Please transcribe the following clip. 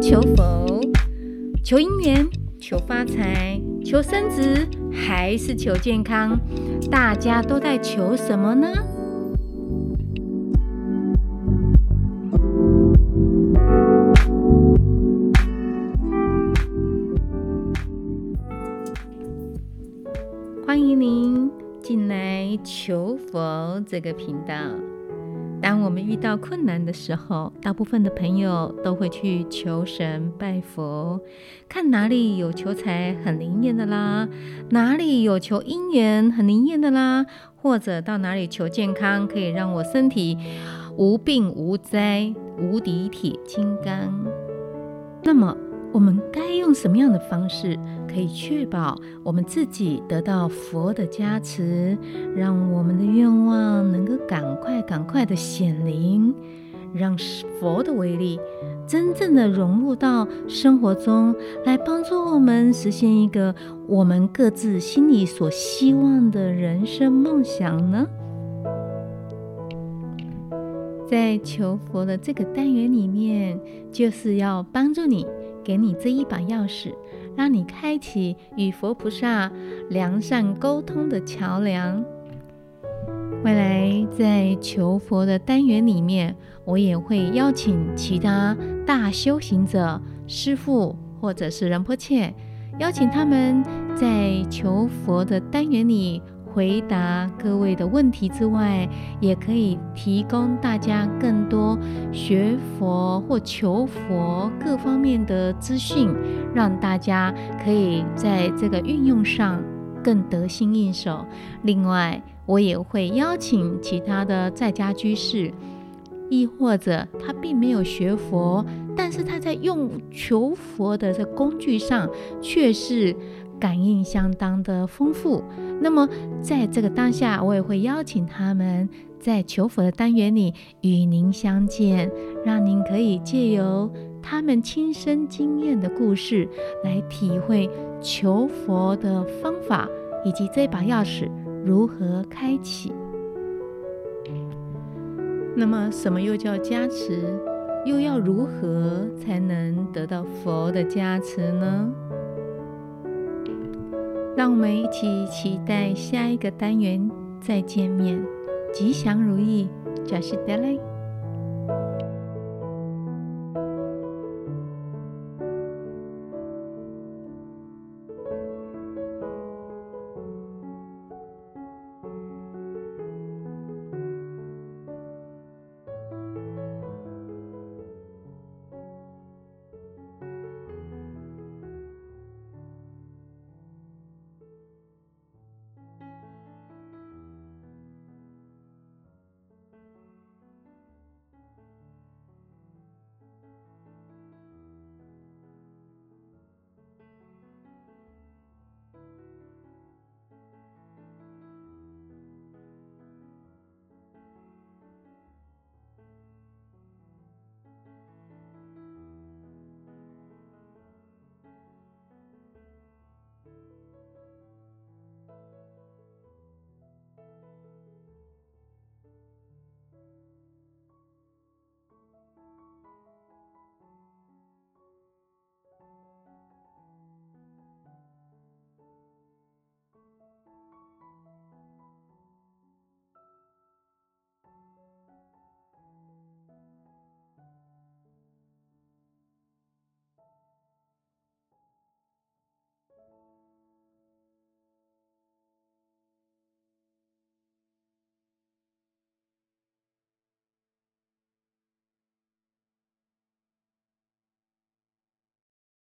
求佛，求姻緣，求發財，求生子，還是求健康？大家都在求什麼呢？歡迎您進來求佛這個頻道。當我們遇到困難的時候，大部分的朋友都會去求神拜佛，看哪裡有求財很靈驗的啦，哪裡有求姻緣很靈驗的啦，或者到哪裡求健康，可以讓我身體無病無災，無敵鐵金剛。那麼。我們該用什麼樣的方式，可以確保我們自己得到佛的加持，讓我們的願望能夠趕快趕快的顯靈，讓佛的威力真正的融入到生活中來，幫助我們實現一個我們各自心裡所希望的人生夢想呢？在求佛的這個單元裡面，就是要幫助你。給你這一把鑰匙，讓你開啟與佛菩薩良善溝通的橋梁。未來在求佛的單元裡面，我也會邀請其他大修行者、師父或者是仁波切，邀請他們在求佛的單元裡。回答各位的問題之外，也可以提供大家更多學佛或求佛各方面的資訊，讓大家可以在這個運用上更得心應手。另外，我也會邀請其他的在家居士，亦或者他並沒有學佛，但是他在用求佛的這工具上卻是。確實感應相當的豐富。那麼，在這個當下，我也會邀請他們在求佛的單元裡與您相見，讓您可以借由他們親身經驗的故事來體會求佛的方法，以及這把鑰匙如何開啟。那麼，什麼又叫加持？又要如何才能得到佛的加持呢？讓我們一起期待下一個單元再見面，吉祥如意，扎西德勒。